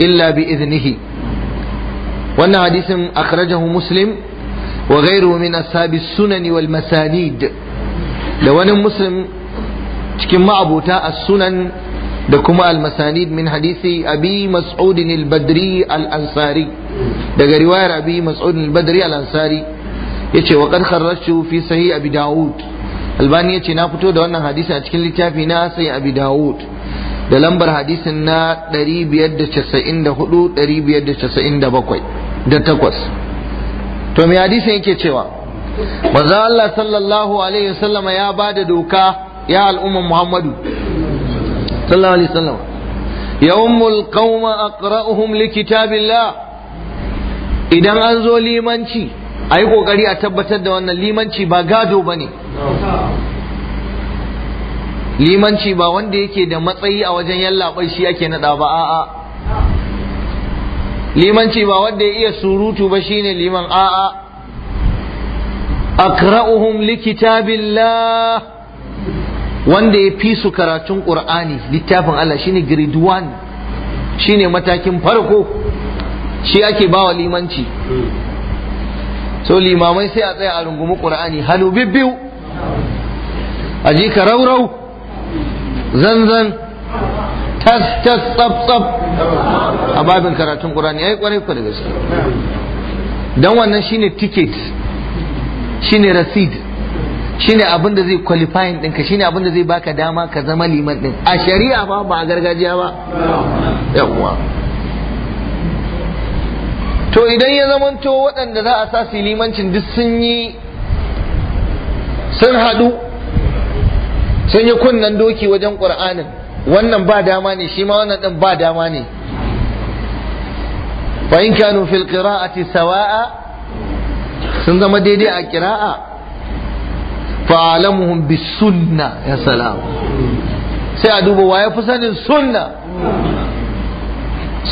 Speaker 1: إلا بإذنه وأن حديث أخرجه مسلم وغيره من أصحاب السنن والمسانيد لو أن مسلم cikin ma'abuta a da kuma al-masanid min hadisi abi mas'ud al-badri al-ansari daga riwayar abi mas'ud al-badri al-ansari yace wa qad kharrajtu fi sahih abi daud albani yace na fito da wannan hadisi a cikin littafi na sahih abi daud da lambar hadisin na 594 597 da takwas to me hadisin yake cewa manzo Allah sallallahu alaihi wasallama ya bada doka ya al'umman Muhammadu sallallahu alaihi wasallam yawmul qauma aqra'uhum likitabillah idan an zo limanci ayi kokari a tabbatar da wannan limanci ba gado bane limanci ba wanda yake da matsayi a wajen yallaɓai shi ake naɗa ba a'a
Speaker 2: limanci ba
Speaker 1: wanda ya iya surutu ba shine liman a'a akra'uhum likitabillah wanda ya fi su karatun qur'ani littafin Allah shine grade one shine matakin farko shi ake ba wa limanci so limamai sai a tsaya a rungumi qur'ani halu bibbiu a ji ka raurau zanzan tas tas tsab tsab a babin karatun qur'ani yi kwarai ku da gaske dan wannan shine ticket shine receipt shine abin da zai kwalifayin ɗinka shine abin da zai baka dama ka zama liman ɗin a shari'a ba ba a gargajiya ba yawwa to idan ya zamanto waɗanda za a sa su limancin duk sun yi sun haɗu sun yi kunnen doki wajen ƙur'anin wannan ba dama ne shi ma wannan ɗin ba dama ne fa in kanu fil qira'ati sawa'a sun zama daidai a kira'a fa'alamuhum bis sunna ya salam sai a duba waye fi sanin sunna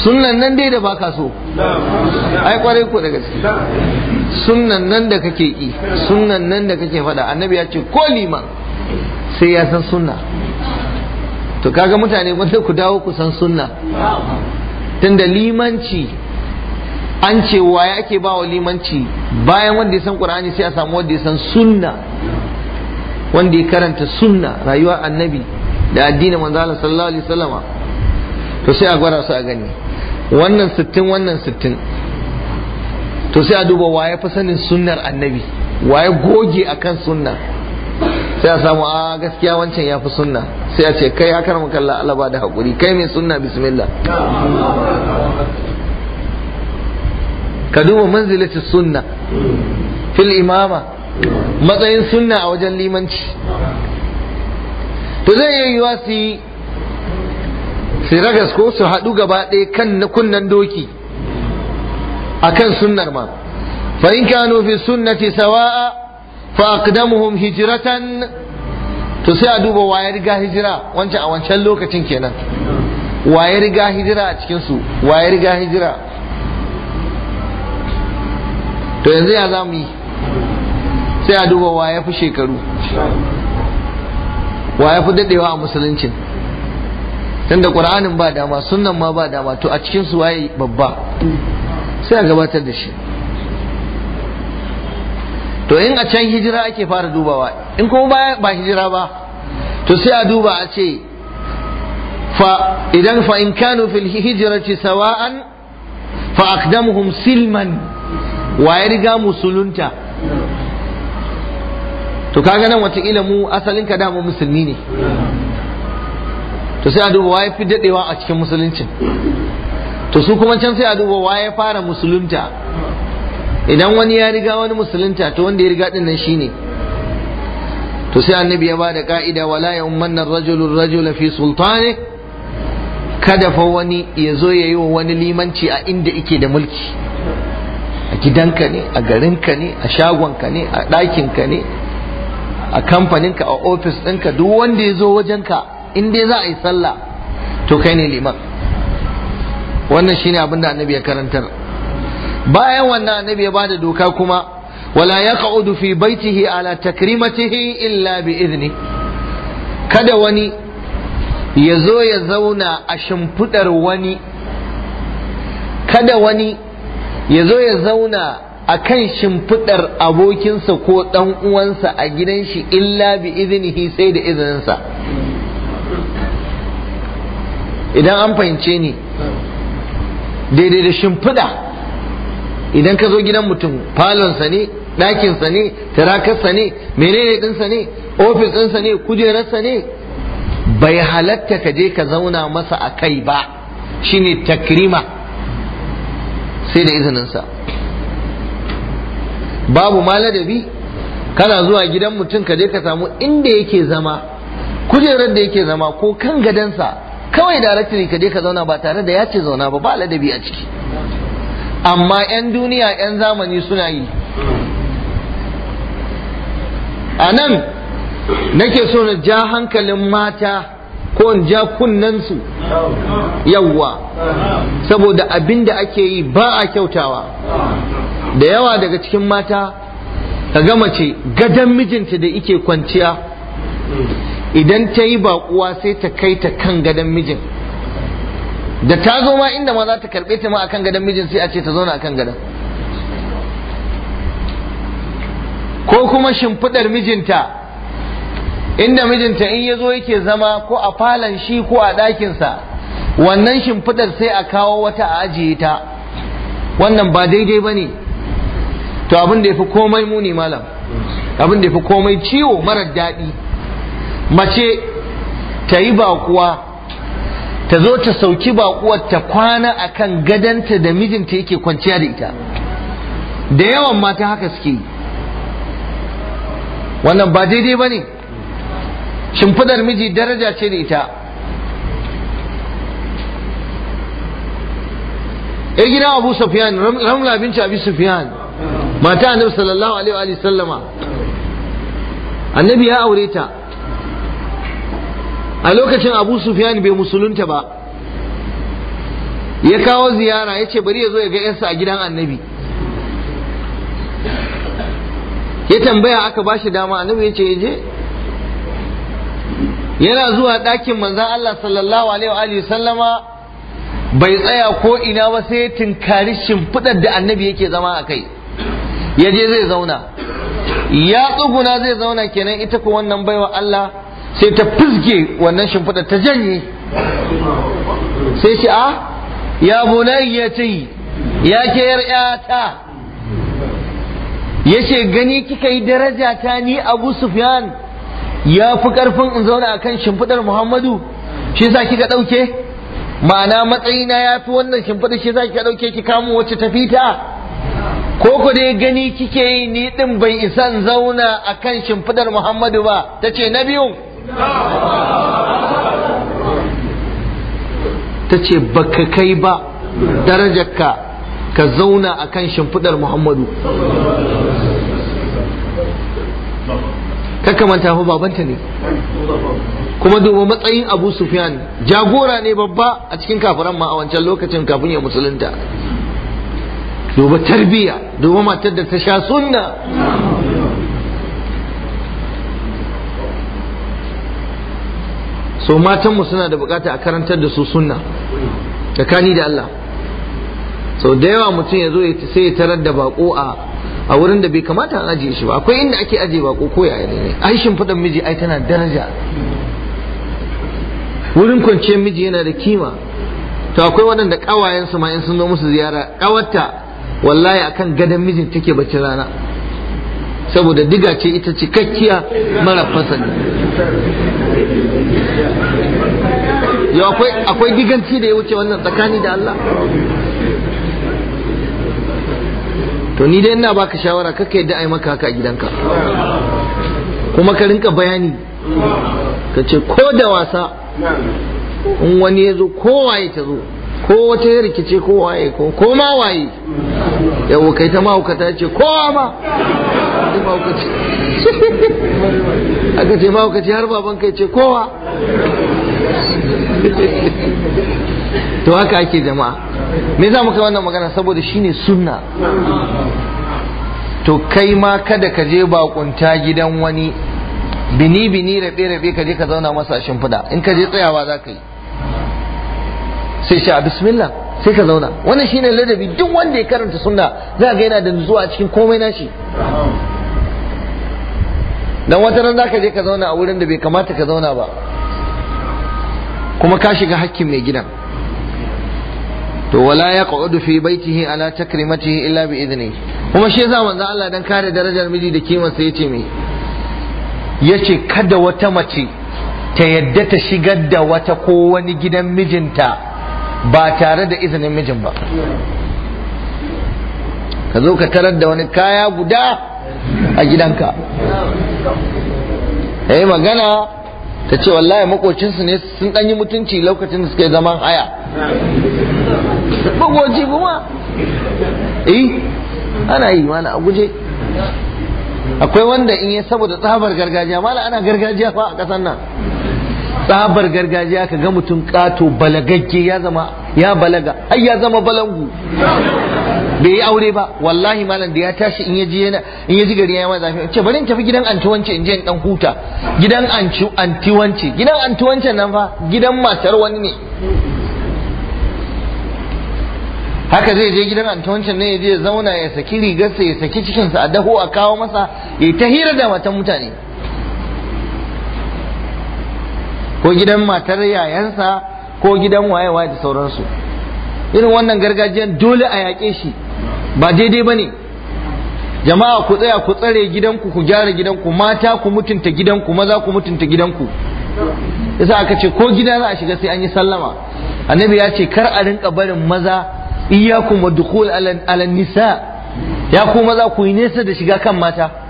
Speaker 1: sunnan nan dai da baka so ai kwarai ku da gaske sunnan nan da kake yi, sunnan nan da kake fada annabi ya ce ko liman sai ya san sunna to kaga mutane wanda ku dawo ku san sunna tunda limanci an ce waye ake bawa limanci bayan wanda ya san qur'ani sai a samu wanda ya san sunna wanda ya karanta sunna rayuwa annabi da addinin manzo sallallahu alaihi wasallama to sai a gwara su a gani wannan sittin wannan sittin to sai a duba waye fa sanin sunnar annabi waye goge akan sunna sai a samu a ah, gaskiya wancan ya fi sunna sai a ce kai haka mu kalla Allah da hakuri kai mai sunna bismillah ka duba manzilati sunna fil imama matsayin sunna a wajen limanci to zai iya yiwa su yi su ragas ko su haɗu gaba ɗaya kan na kunnan doki a kan sunnar ma fa in kanu fi sunnati sawa'a fa aqdamuhum hijratan to sai a duba waye riga hijira wancan a wancan lokacin kenan waye riga hijira a cikin su waye hijira to yanzu ya za mu yi sai a duba wa ya fi shekaru wa ya fi daɗewa a musuluncin da ƙur'anin ba dama sunan ma ba dama to a cikin su waye babba sai a gabatar da shi to in a can hijira ake fara dubawa in kuma ba hijira ba to sai a duba a ce fa idan fa in kanu fil hijrati sawa'an fa aqdamuhum silman wa ya riga musulunta to kaga nan watakila mu asalin ka dama musulmi ne to sai a duba waye fi dadewa a cikin musuluncin to su kuma can sai a duba waye fara musulunta idan wani ya riga wani musulunta to wanda ya riga din nan shine to sai annabi ya ba da ka'ida wala ya ummanna rajulun rajula fi sultani kada fa wani ya zo ya yi wa wani limanci a inda ike da mulki a gidanka ne a garinka ne a shagonka ne a ɗakinka ne a kamfaninka a ofis ɗinka duk wanda ya zo wajenka in dai za a yi sallah to kai ne liman wannan shine abin da annabi ya karantar bayan wannan annabi ya bada doka kuma wala yaqudu fi baitihi ala takrimatihi illa bi idni kada wani ya zo ya zauna a shimfidar wani kada wani ya zo ya zauna Akan kan shimfiɗar abokinsa ko ɗan uwansa a gidan shi illa bi izinihi sai da izininsa idan an fahimce ni daidai da shimfiɗa idan ka zo gidan mutum falonsa ne ɗakinsa ne tarakarsa ne menene ɗinsa ne ofis ɗinsa ne kujerarsa ne bai halatta ka je ka zauna masa a kai ba shine takrima sai da izininsa babu ma ladabi kana zuwa gidan mutum ka je ka samu inda yake zama kujerar da yake zama ko kan gadansa kawai directory ka je ka zauna ba tare da ya ce zauna ba ba ladabi a ciki amma 'yan duniya 'yan zamani suna yi a nan nake so na ja hankalin mata ko in ja kunnensu yawwa saboda abin da ake yi ba a kyautawa da yawa daga cikin mata ka ga mace gadon mijinta da ike kwanciya idan ta yi baƙuwa sai ta kai ta kan gadon mijin da ta zo ma inda ma za ta karɓe ta ma akan gadon mijin sai a ce ta zauna akan gadon ko kuma shimfiɗar mijinta inda mijinta in ya zo yake zama ko a falon shi ko a ɗakinsa wannan shimfiɗar sai a kawo wata a ajiye ta wannan ba daidai ba ne to abin da ya fi komai muni malam abin da ya fi komai ciwo marar daɗi mace ta yi bakuwa ta zo ta sauki bakuwar ta kwana a kan gadanta da mijinta yake kwanciya da ita da yawan mata haka suke yi wannan ba daidai ba ne shimfidar miji daraja ce da ita ya gina abu safiyan ramla binci abu safiyan mata annabi sallallahu alaihi wa sallama annabi ya aure ta a lokacin abu sufyan bai musulunta ba ya kawo ziyara ya ce bari ya zo ya ga yarsa a gidan annabi ya tambaya aka ba shi dama annabi ya ce ya je yana zuwa ɗakin manzan Allah sallallahu alaihi wa sallama bai tsaya ko ina ba sai ya tinkari shimfiɗar da annabi yake zama a kai ya je zai zauna ya tsuguna zai zauna kenan ita ku wannan baiwa Allah sai ta fizge wannan shimfiɗa ta janye sai shi a ah, ya ya ce ya ke ‘yata ya ce gani kika yi daraja ta ni abu sufyan ya fi karfin in zauna akan shimfiɗar muhammadu shi za kika ɗauke ma'ana matsayina ya fi wannan shimfiɗar shi za kika ɗauke ki kamo wacce ta fita ko ku dai gani kike yi ni din bai isa in zauna a kan shimfidar Muhammadu ba ta ce na biyun ta ce baka kai ba darajarka ka zauna a kan shimfidar Muhammadu manta fa babanta ne kuma duba matsayin abu sufyan jagora ne babba a cikin kafiran ma a wancan lokacin kafin ya musulunta
Speaker 2: duba tarbiya
Speaker 1: duba matar da ta sha sunna so matanmu suna da bukata a karantar da su sunna tsakani da Allah sau da yawa mutum ya zo ya sai ya tarar da bako a a wurin da bai kamata an ajiye shi ba akwai inda ake ajiye bako ko ya yi ne Aishin faɗan miji ai tana daraja wurin kwanciyar miji yana da kima to akwai waɗanda ƙawayensu ma in sun zo musu ziyara ƙawarta wallahi akan gadon mijin take bacci rana saboda diga ce ita cikakkiya mara fasali akwai diganci da ya wuce wannan tsakani da Allah to ni dai ina baka shawara kaka yadda ai maka haka a gidanka kuma ka rinka bayani ka ce ko da wasa in wani ya zo kowa ya ta zo ko wata ya rikice ko waye ko ko ma waye yawo kai ta mahaukata ce kowa ma aka ce mahaukaci har baban kai ce kowa to haka ake jama'a me za mu kai wannan magana saboda shine sunna to kai ma kada ka je bakunta gidan wani bini bini rabe rabe ka je ka zauna masa shimfiɗa in ka je tsayawa za ka yi sai ce a bismillah sai ka zauna wannan shine ladabi duk wanda ya karanta sunna za ga yana da zuwa a cikin komai nashi dan wata ran zaka je ka zauna a wurin da bai kamata ka zauna ba kuma ka shiga hakkin mai gidan to wala yaqudu fi baitihi ala takrimatihi illa bi idni kuma shi yasa manzo Allah dan kare darajar miji da kimar sa yace me yace kada wata mace ta yadda ta shigar da wata ko wani gidan mijinta ba tare da izinin mijin ba ka zo ka tarar da wani kaya guda a gidanka ya magana ta ce wallahi makocinsu ne sun ɗanyi mutunci lokacin da suka yi zaman haya makoci kuma eh ana yi mana a guje akwai wanda in yi saboda tsabar gargajiya mana ana gargajiya fa a ƙasar nan tsabar gargajiya ka ga mutum kato balagagge ya zama ya balaga ai ya zama balangu bai yi aure ba wallahi malam da ya tashi in yaji yana in yaji gari ya ma zafi ce bari in tafi gidan antiwance in je in dan huta gidan anci antiwance gidan antiwance nan fa gidan matar wani ne haka zai je gidan antiwance ne ya je zauna ya saki rigarsa ya saki cikinsa a daho a kawo masa ya ta hira da matan mutane ko gidan matar yayansa ko gidan waye da sauransu irin wannan gargajiyan dole a yaƙe shi ba daidai ba ne jama'a ku tsaya ku tsare gidanku ku gyara gidanku mata ku mutunta gidanku maza ku mutunta gidanku yasa aka ce ko gida za a shiga sai an yi sallama annabi ya ce kar a rinka barin maza iyyakum wa dukhul nisa ya ku maza ku yi nesa da shiga kan mata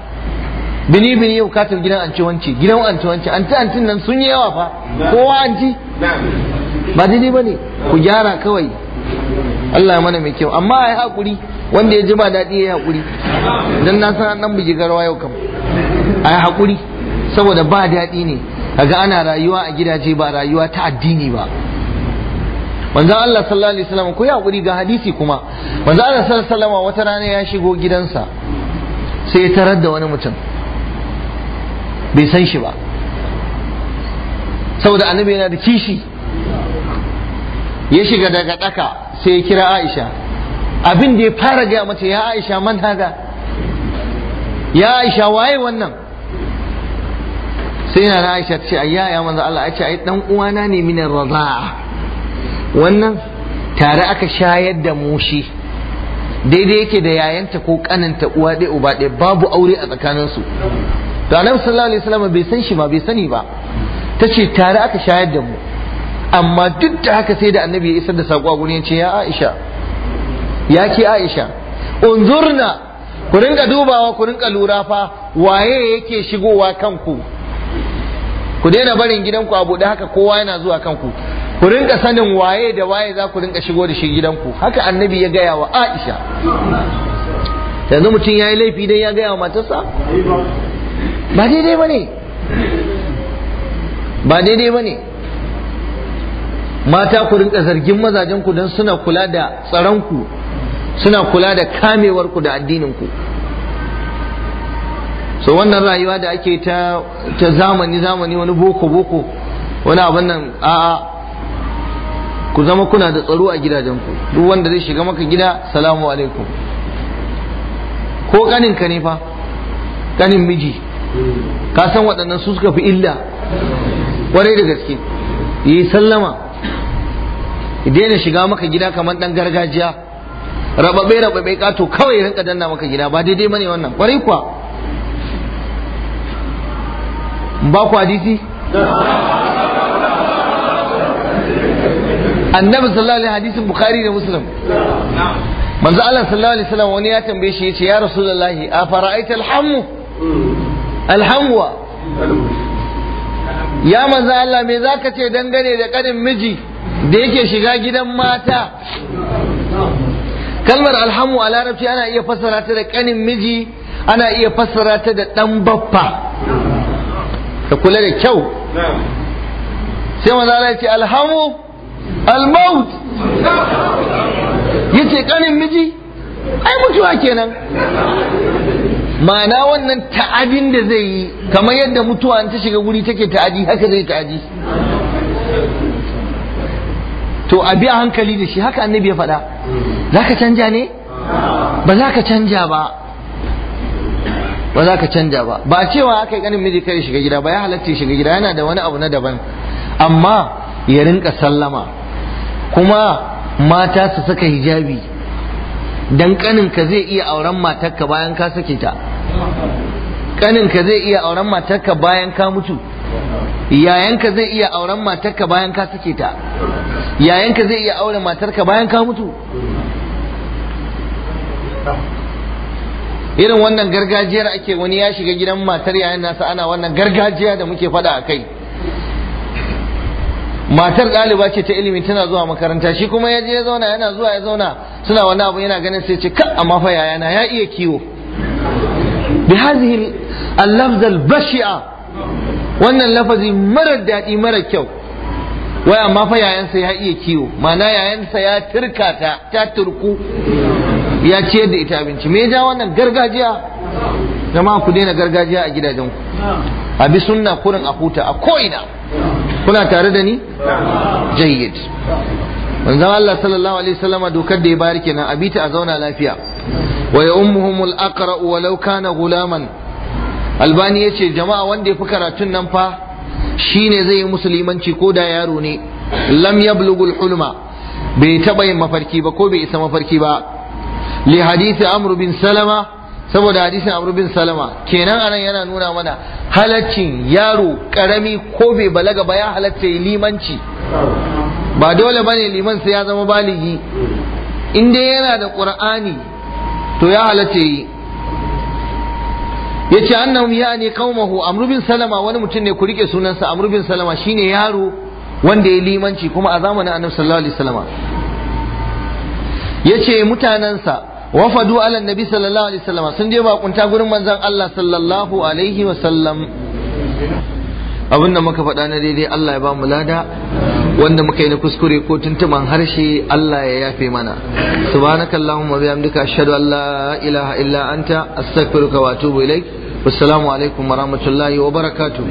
Speaker 1: bini bini yau katar gidan an wance gidan an ci wance anti nan sun yi yawa fa kowa anci
Speaker 2: ci
Speaker 1: ba daidai bane ku gyara kawai Allah mana mai kyau amma ai hakuri wanda ya ji ba daɗi ya hakuri dan na san dan buji garwa yau kam ai hakuri saboda ba daɗi ne kaga ana rayuwa a gidaje ba rayuwa ta addini ba manzon Allah sallallahu alaihi wasallam ku hakuri ga hadisi kuma manzon Allah sallallahu alaihi wasallam wata rana ya shigo gidansa sai ya tarar da wani mutum bai san shi ba saboda annabi yana da kishi ya shiga daga daka sai ya kira aisha abin da ya fara gaya mace ya aisha man haga ya aisha waye wannan sai yana aisha ta ce ayya ya manzo Allah a ce ai dan uwana ne min raza'a wannan tare aka shayar da mu daidai yake da yayanta ko kananta uwa ɗaya uba ɗaya babu aure a tsakaninsu to annabi sallallahu alaihi wasallam bai san shi ma bai sani ba tace tare aka shayar da mu amma duk da haka sai da annabi ya isar da sako a gurin ya ce ya Aisha ya ke Aisha unzurna ku rinka dubawa ku rinka lura fa waye yake shigowa kanku ku daina barin gidanku a buɗe haka kowa yana zuwa kanku ku rinka sanin waye da waye za ku rinka shigo da shi gidanku haka annabi ya gaya wa Aisha yanzu mutum ya yi laifi dan ya gaya wa matarsa ba daidai ba ne ba daidai ba ne mata ku rinka zargin mazajen ku don suna kula da tsaronku suna kula da kamewarku da addininku so wannan rayuwa da ake ta zamani zamani wani boko boko wani abin nan a'a ku zama kuna da tsaro a gidajenku duk wanda zai shiga maka gida salamu alaikum ko ƙaninka ne fa kanin miji ka san waɗannan su suka fi illa ƙwarai da gaske yi sallama daina shiga maka gida kamar ɗan gargajiya rababe rababe ƙato kawai rinka danna maka gida ba daidai bane wannan ƙwarai kuwa ba ku hadisi annabi sallallahu alaihi hadisin bukhari da muslim manzo Allah sallallahu alaihi wasallam wani ya tambaye shi yace ya rasulullahi afara'aita alhammu. alhamwa ya manzo Allah me zaka ce dangane da kanin miji da yake shiga gidan mata kalmar alhamu a larabci ana iya fassara ta da kanin miji ana iya fassara ta da dan baffa ka kula da kyau sai manzo Allah ya ce alhamu almaut yace kanin miji ai mutuwa kenan ma'ana wannan ta'adin da zai yi kamar yadda mutuwa ta shiga guri take ta'adi haka zai ta'adi to a biya hankali da shi haka annabi ya faɗa za ka canja ne ba za ka canja ba ba za ka canja ba ba cewa aka yi ganin miji kai shiga gida ba ya halatta shiga gida yana da wani abu na daban amma ya rinka sallama kuma mata su saka hijabi dan ka zai iya auren matarka bayan ka sake ta ka zai iya auren matarka bayan ka mutu yayanka zai iya auren matarka bayan ka sake ta yayanka zai iya auren matarka bayan ka mutu irin wannan gargajiyar ake wani ya shiga gidan matar yayan nasa ana wannan gargajiya da muke faɗa a kai matar ɗaliba ce ta ilimi tana zuwa makaranta shi kuma ya je ya zauna yana zuwa ya zauna suna wani abu yana ganin sai ce ka amma fa yayana ya iya kiwo bi hadhihi al-lafz al-bashi'a wannan lafazi mara daɗi mara kyau wai amma fa yayansa ya iya kiwo ma'ana yayansa ya turkata ta turku ya ciyar da ita abinci me ja wannan gargajiya jama'a ku daina gargajiya a gidajen ku a bi sunna kurin a huta a ko'ina kuna tare da ni jayyid manzan Allah sallallahu alaihi wasallam dokar da ya bari kenan abita a zauna lafiya wa ya ummuhumul aqra walau kana gulaman albani yace jama'a wanda ya fi karatun nan fa shi ne zai yi musulmanci ko da yaro ne lam yablughul hulma bai taba yin mafarki ba ko bai isa mafarki ba li hadisi amr salama saboda hadisin amurbin salama kenan anan yana nuna mana halaccin yaro karami ko bai balaga ba ya halacce limanci ba dole ba ne liman sai ya zama baligi in dai yana da ƙur'ani to ya halatta yi Ya ce, yace annahum yani qaumahu amr Amurbin salama wani mutum ne ku rike sunansa Amurbin Salama salama shine yaro wanda ya limanci kuma a zamanin annabi sallallahu alaihi wasallam ce mutanansa wafadu ala nabi sallallahu alaihi wasallam sun je bakunta gurin manzon Allah sallallahu alaihi wasallam abinda muka faɗa na daidai Allah ya ba mu lada wanda muka yi na kuskure ko tuntuman harshe Allah ya yafe mana allahumma wa bihamdika ashhadu an la ilaha illa anta astaghfiruka wa atubu ilaik wassalamu alaikum wa rahmatullahi wa barakatuh